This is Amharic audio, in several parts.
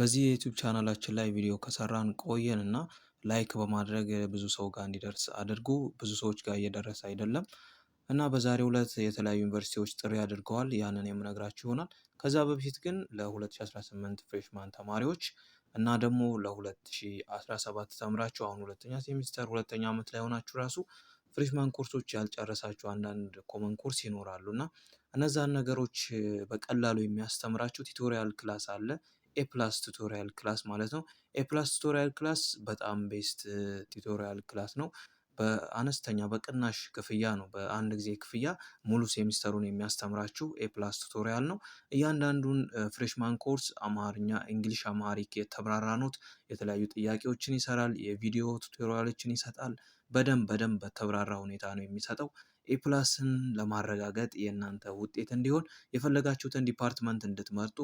በዚህ የዩቱብ ቻናላችን ላይ ቪዲዮ ከሰራን ቆየን እና ላይክ በማድረግ ብዙ ሰው ጋር እንዲደርስ አድርጉ። ብዙ ሰዎች ጋር እየደረሰ አይደለም እና በዛሬው ዕለት የተለያዩ ዩኒቨርሲቲዎች ጥሪ አድርገዋል። ያንን የምነግራችሁ ይሆናል። ከዛ በፊት ግን ለ2018 ፍሬሽማን ተማሪዎች እና ደግሞ ለ2017 ተምራችሁ አሁን ሁለተኛ ሴሚስተር ሁለተኛ ዓመት ላይ ሆናችሁ ራሱ ፍሬሽማን ኮርሶች ያልጨረሳችሁ አንዳንድ ኮመን ኮርስ ይኖራሉ እና እነዛን ነገሮች በቀላሉ የሚያስተምራችሁ ቲቶሪያል ክላስ አለ። ኤፕላስ ቱቶሪያል ክላስ ማለት ነው። ኤፕላስ ቱቶሪያል ክላስ በጣም ቤስት ቱቶሪያል ክላስ ነው። በአነስተኛ በቅናሽ ክፍያ ነው። በአንድ ጊዜ ክፍያ ሙሉ ሴሚስተሩን የሚያስተምራችሁ ኤፕላስ ቱቶሪያል ነው። እያንዳንዱን ፍሬሽማን uh, ኮርስ አማርኛ፣ እንግሊሽ፣ አማሪክ የተብራራ ኖት፣ የተለያዩ ጥያቄዎችን ይሰራል፣ የቪዲዮ ቱቶሪያሎችን ይሰጣል። በደንብ በደንብ በተብራራ ሁኔታ ነው የሚሰጠው። ኤፕላስን ለማረጋገጥ የእናንተ ውጤት እንዲሆን የፈለጋችሁትን ዲፓርትመንት እንድትመርጡ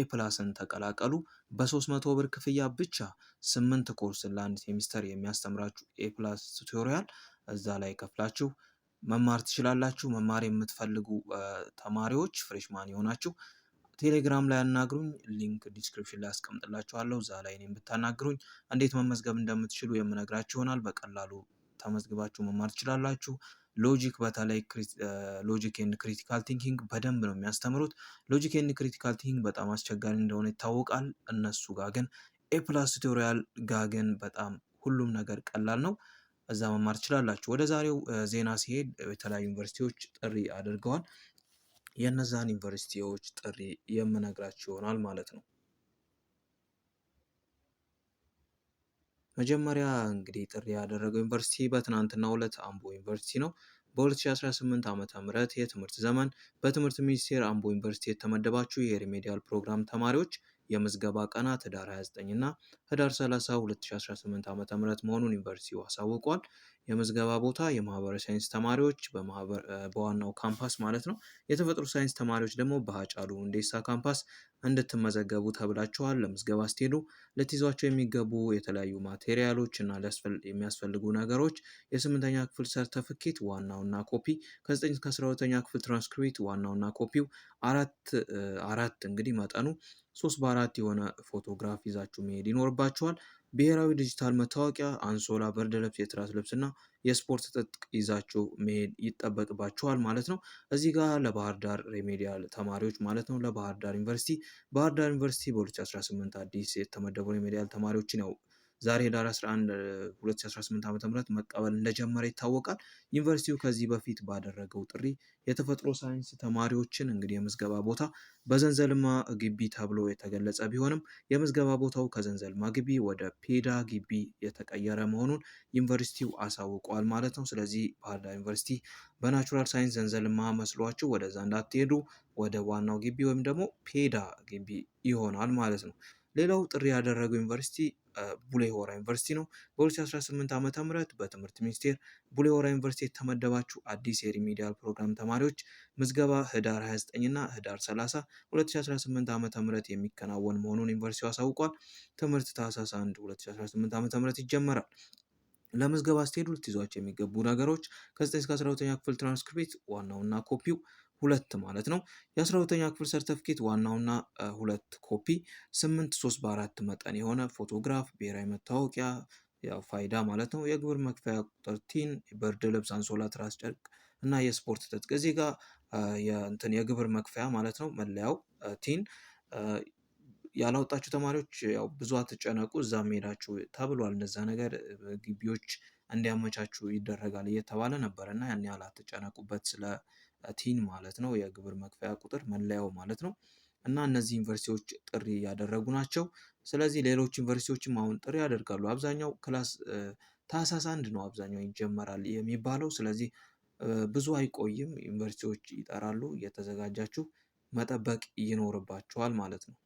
ኤፕላስን ተቀላቀሉ። በ300 ብር ክፍያ ብቻ ስምንት ኮርስ ለአንድ ሴሚስተር የሚያስተምራችሁ ኤፕላስ ቱቶሪያል እዛ ላይ ከፍላችሁ መማር ትችላላችሁ። መማር የምትፈልጉ ተማሪዎች ፍሬሽማን የሆናችሁ ቴሌግራም ላይ አናግሩኝ ሊንክ ዲስክሪፕሽን ላይ አስቀምጥላችኋለሁ። እዛ ላይ እኔም ብታናግሩኝ እንዴት መመዝገብ እንደምትችሉ የምነግራችሁ ይሆናል። በቀላሉ ተመዝግባችሁ መማር ትችላላችሁ። ሎጂክ በተለይ ሎጂክ ኤንድ ክሪቲካል ቲንኪንግ በደንብ ነው የሚያስተምሩት። ሎጂክ ኤንድ ክሪቲካል ቲንኪንግ በጣም አስቸጋሪ እንደሆነ ይታወቃል። እነሱ ጋር ግን ኤ ፕላስ ቱቶሪያል ጋር ግን በጣም ሁሉም ነገር ቀላል ነው። እዛ መማር ትችላላችሁ። ወደ ዛሬው ዜና ሲሄድ የተለያዩ ዩኒቨርሲቲዎች ጥሪ አድርገዋል። የእነዛን ዩኒቨርሲቲዎች ጥሪ የምነግራችሁ ይሆናል ማለት ነው። መጀመሪያ እንግዲህ ጥሪ ያደረገው ዩኒቨርሲቲ በትናንትና ሁለት አምቦ ዩኒቨርሲቲ ነው። በ2018 ዓመተ ምህረት የትምህርት ዘመን በትምህርት ሚኒስቴር አምቦ ዩኒቨርሲቲ የተመደባችሁ የሪሜዲያል ፕሮግራም ተማሪዎች የምዝገባ ቀናት ህዳር 29 እና ህዳር 30 2018 ዓ ም መሆኑን ዩኒቨርሲቲው አሳውቋል። የምዝገባ ቦታ የማህበረ ሳይንስ ተማሪዎች በዋናው ካምፓስ ማለት ነው። የተፈጥሮ ሳይንስ ተማሪዎች ደግሞ በሀጫሉ ሁንዴሳ ካምፓስ፣ እንድትመዘገቡ ተብላችኋል። ለምዝገባ ስትሄዱ ልትይዟቸው የሚገቡ የተለያዩ ማቴሪያሎች እና የሚያስፈልጉ ነገሮች የስምንተኛ ክፍል ሰርተፍኬት ዋናውና ኮፒ፣ ከዘጠኝ እስከ አስራ ሁለተኛ ክፍል ትራንስክሪፕት ዋናውና ኮፒው አራት አራት እንግዲህ መጠኑ ሶስት በአራት የሆነ ፎቶግራፍ ይዛችሁ መሄድ ይኖርባችኋል። ብሔራዊ ዲጂታል መታወቂያ፣ አንሶላ፣ ብርድ ልብስ፣ የትራስ ልብስ እና የስፖርት ትጥቅ ይዛችሁ መሄድ ይጠበቅባችኋል ማለት ነው። እዚህ ጋር ለባህር ዳር ሬሜዲያል ተማሪዎች ማለት ነው ለባህር ዳር ዩኒቨርሲቲ ባህር ዳር ዩኒቨርሲቲ በ2018 አዲስ የተመደቡ ሬሜዲያል ተማሪዎች ነው ዛሬ ኅዳር 11 2018 ዓ.ም መቀበል እንደጀመረ ይታወቃል። ዩኒቨርሲቲው ከዚህ በፊት ባደረገው ጥሪ የተፈጥሮ ሳይንስ ተማሪዎችን እንግዲህ የምዝገባ ቦታ በዘንዘልማ ግቢ ተብሎ የተገለጸ ቢሆንም የምዝገባ ቦታው ከዘንዘልማ ግቢ ወደ ፔዳ ግቢ የተቀየረ መሆኑን ዩኒቨርሲቲው አሳውቋል ማለት ነው። ስለዚህ ባህር ዳር ዩኒቨርሲቲ በናቹራል ሳይንስ ዘንዘልማ መስሏችሁ ወደዛ እንዳትሄዱ ወደ ዋናው ግቢ ወይም ደግሞ ፔዳ ግቢ ይሆናል ማለት ነው። ሌላው ጥሪ ያደረገው ዩኒቨርሲቲ ቡሌ ሆራ ዩኒቨርሲቲ ነው። በ2018 ዓ ም በትምህርት ሚኒስቴር ቡሌ ሆራ ዩኒቨርሲቲ የተመደባችሁ አዲስ የሪሚዲያል ፕሮግራም ተማሪዎች ምዝገባ ህዳር 29 እና ህዳር 30 2018 ዓ ም የሚከናወን መሆኑን ዩኒቨርሲቲው አሳውቋል። ትምህርት ታህሳስ 1 2018 ዓ ም ይጀመራል። ለምዝገባ ስትሄዱ ልትይዟቸው የሚገቡ ነገሮች ከ9 እስከ 12ኛ ክፍል ትራንስክሪፕት ዋናውና ኮፒው ሁለት ማለት ነው። የ12ተኛ ክፍል ሰርተፍኬት ዋናውና ሁለት ኮፒ 8 3 በአራት መጠን የሆነ ፎቶግራፍ፣ ብሔራዊ መታወቂያ ያው ፋይዳ ማለት ነው። የግብር መክፈያ ቁጥር ቲን፣ ብርድ ልብስ፣ አንሶላ፣ ትራስ፣ ጨርቅ እና የስፖርት ትጥቅ እዚህ ጋር የእንትን የግብር መክፈያ ማለት ነው። መለያው ቲን ያላወጣችሁ ተማሪዎች ያው ብዙ አትጨነቁ፣ እዛ መሄዳችሁ ተብሏል። እንደዛ ነገር ግቢዎች እንዲያመቻቹ ይደረጋል እየተባለ ነበር እና ያን ያህል አትጨነቁበት ስለ ቲን ማለት ነው የግብር መክፈያ ቁጥር መለያው ማለት ነው። እና እነዚህ ዩኒቨርሲቲዎች ጥሪ ያደረጉ ናቸው። ስለዚህ ሌሎች ዩኒቨርሲቲዎችም አሁን ጥሪ ያደርጋሉ። አብዛኛው ክላስ ታህሳስ አንድ ነው አብዛኛው ይጀመራል የሚባለው። ስለዚህ ብዙ አይቆይም። ዩኒቨርሲቲዎች ይጠራሉ። እየተዘጋጃችሁ መጠበቅ ይኖርባችኋል ማለት ነው።